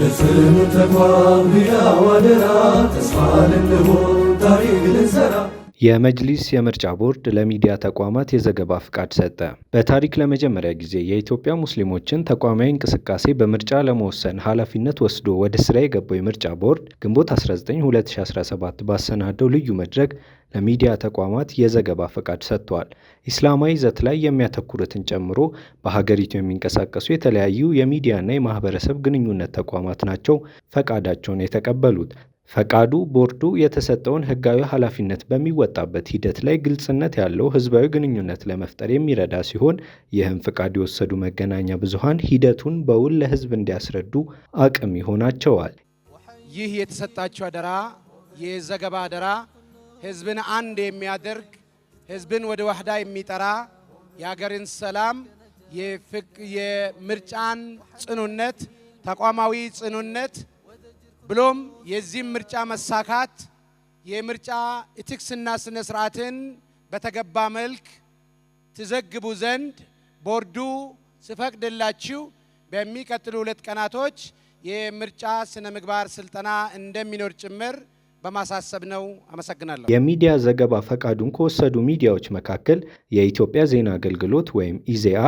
ለጽኑ ተቋም ያዋደራ ተስፋ ልንሆን ታሪክ ልንሰራ የመጅሊስ የምርጫ ቦርድ ለሚዲያ ተቋማት የዘገባ ፍቃድ ሰጠ። በታሪክ ለመጀመሪያ ጊዜ የኢትዮጵያ ሙስሊሞችን ተቋማዊ እንቅስቃሴ በምርጫ ለመወሰን ኃላፊነት ወስዶ ወደ ስራ የገባው የምርጫ ቦርድ ግንቦት 19 2017 ባሰናደው ልዩ መድረክ ለሚዲያ ተቋማት የዘገባ ፈቃድ ሰጥቷል። ኢስላማዊ ይዘት ላይ የሚያተኩሩትን ጨምሮ በሀገሪቱ የሚንቀሳቀሱ የተለያዩ የሚዲያና የማህበረሰብ ግንኙነት ተቋማት ናቸው ፈቃዳቸውን የተቀበሉት። ፈቃዱ ቦርዱ የተሰጠውን ህጋዊ ኃላፊነት በሚወጣበት ሂደት ላይ ግልጽነት ያለው ህዝባዊ ግንኙነት ለመፍጠር የሚረዳ ሲሆን ይህም ፈቃድ የወሰዱ መገናኛ ብዙሃን ሂደቱን በውል ለህዝብ እንዲያስረዱ አቅም ይሆናቸዋል። ይህ የተሰጣቸው አደራ የዘገባ አደራ ህዝብን አንድ የሚያደርግ ህዝብን ወደ ዋህዳ የሚጠራ የሀገርን ሰላም የምርጫን ጽኑነት ተቋማዊ ጽኑነት ብሎም የዚህም ምርጫ መሳካት የምርጫ ኢቲክስና ስነ ስርዓትን በተገባ መልክ ትዘግቡ ዘንድ ቦርዱ ስፈቅድላችሁ በሚቀጥሉ ሁለት ቀናቶች የምርጫ ስነ ምግባር ስልጠና እንደሚኖር ጭምር በማሳሰብ ነው። አመሰግናለሁ። የሚዲያ ዘገባ ፈቃዱን ከወሰዱ ሚዲያዎች መካከል የኢትዮጵያ ዜና አገልግሎት ወይም ኢዜአ፣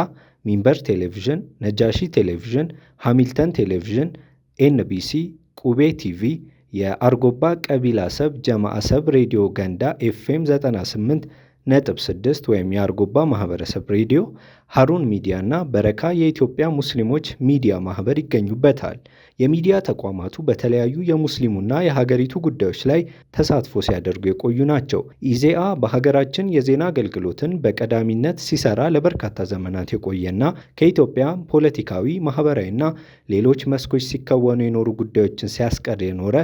ሚንበር ቴሌቪዥን፣ ነጃሺ ቴሌቪዥን፣ ሃሚልተን ቴሌቪዥን፣ ኤንቢሲ ቁቤ ቲቪ የአርጎባ ቀቢላ ሰብ ጀማዓ ሰብ ሬዲዮ ገንዳ ኤፍኤም 98 ነጥብ ስድስት ወይም የአርጎባ ማህበረሰብ ሬዲዮ፣ ሀሩን ሚዲያ እና በረካ የኢትዮጵያ ሙስሊሞች ሚዲያ ማህበር ይገኙበታል። የሚዲያ ተቋማቱ በተለያዩ የሙስሊሙና የሀገሪቱ ጉዳዮች ላይ ተሳትፎ ሲያደርጉ የቆዩ ናቸው። ኢዜአ በሀገራችን የዜና አገልግሎትን በቀዳሚነት ሲሰራ ለበርካታ ዘመናት የቆየና ከኢትዮጵያ ፖለቲካዊ፣ ማህበራዊና ሌሎች መስኮች ሲከወኑ የኖሩ ጉዳዮችን ሲያስቀር የኖረ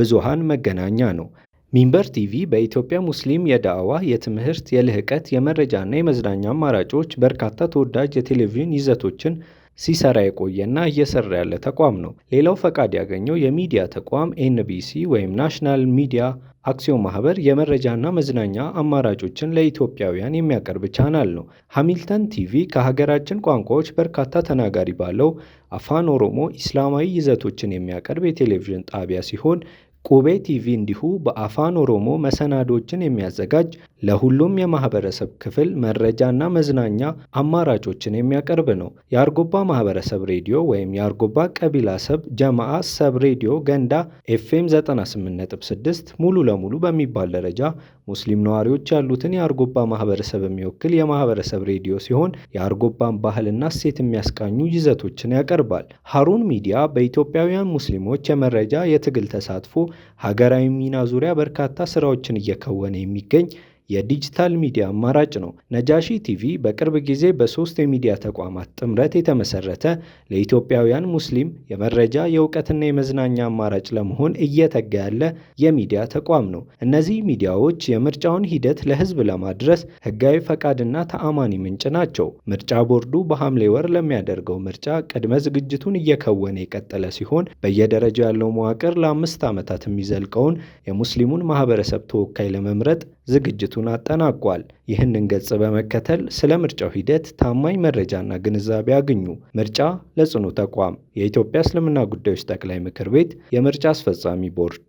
ብዙሃን መገናኛ ነው። ሚንበር ቲቪ በኢትዮጵያ ሙስሊም የዳዕዋ፣ የትምህርት፣ የልህቀት፣ የመረጃና የመዝናኛ አማራጮች በርካታ ተወዳጅ የቴሌቪዥን ይዘቶችን ሲሰራ የቆየና እየሰራ ያለ ተቋም ነው። ሌላው ፈቃድ ያገኘው የሚዲያ ተቋም ኤንቢሲ ወይም ናሽናል ሚዲያ አክሲዮን ማህበር የመረጃና መዝናኛ አማራጮችን ለኢትዮጵያውያን የሚያቀርብ ቻናል ነው። ሀሚልተን ቲቪ ከሀገራችን ቋንቋዎች በርካታ ተናጋሪ ባለው አፋን ኦሮሞ ኢስላማዊ ይዘቶችን የሚያቀርብ የቴሌቪዥን ጣቢያ ሲሆን ቁቤ ቲቪ እንዲሁ በአፋን ኦሮሞ መሰናዶዎችን የሚያዘጋጅ ለሁሉም የማህበረሰብ ክፍል መረጃና መዝናኛ አማራጮችን የሚያቀርብ ነው። የአርጎባ ማህበረሰብ ሬዲዮ ወይም የአርጎባ ቀቢላ ሰብ ጀማአ ሰብ ሬዲዮ ገንዳ ኤፍኤም 98.6 ሙሉ ለሙሉ በሚባል ደረጃ ሙስሊም ነዋሪዎች ያሉትን የአርጎባ ማህበረሰብ የሚወክል የማህበረሰብ ሬዲዮ ሲሆን የአርጎባን ባህልና እሴት የሚያስቃኙ ይዘቶችን ያቀርባል። ሀሩን ሚዲያ በኢትዮጵያውያን ሙስሊሞች የመረጃ የትግል ተሳትፎ ሀገራዊ ሚና ዙሪያ በርካታ ስራዎችን እየከወነ የሚገኝ የዲጂታል ሚዲያ አማራጭ ነው። ነጃሺ ቲቪ በቅርብ ጊዜ በሶስት የሚዲያ ተቋማት ጥምረት የተመሰረተ ለኢትዮጵያውያን ሙስሊም የመረጃ የእውቀትና የመዝናኛ አማራጭ ለመሆን እየተጋ ያለ የሚዲያ ተቋም ነው። እነዚህ ሚዲያዎች የምርጫውን ሂደት ለህዝብ ለማድረስ ህጋዊ ፈቃድና ተአማኒ ምንጭ ናቸው። ምርጫ ቦርዱ በሐምሌ ወር ለሚያደርገው ምርጫ ቅድመ ዝግጅቱን እየከወነ የቀጠለ ሲሆን በየደረጃው ያለው መዋቅር ለአምስት ዓመታት የሚዘልቀውን የሙስሊሙን ማህበረሰብ ተወካይ ለመምረጥ ዝግጅቱ ዝግጅቱን አጠናቋል። ይህንን ገጽ በመከተል ስለ ምርጫው ሂደት ታማኝ መረጃና ግንዛቤ አግኙ። ምርጫ ለጽኑ ተቋም፣ የኢትዮጵያ እስልምና ጉዳዮች ጠቅላይ ምክር ቤት የምርጫ አስፈጻሚ ቦርድ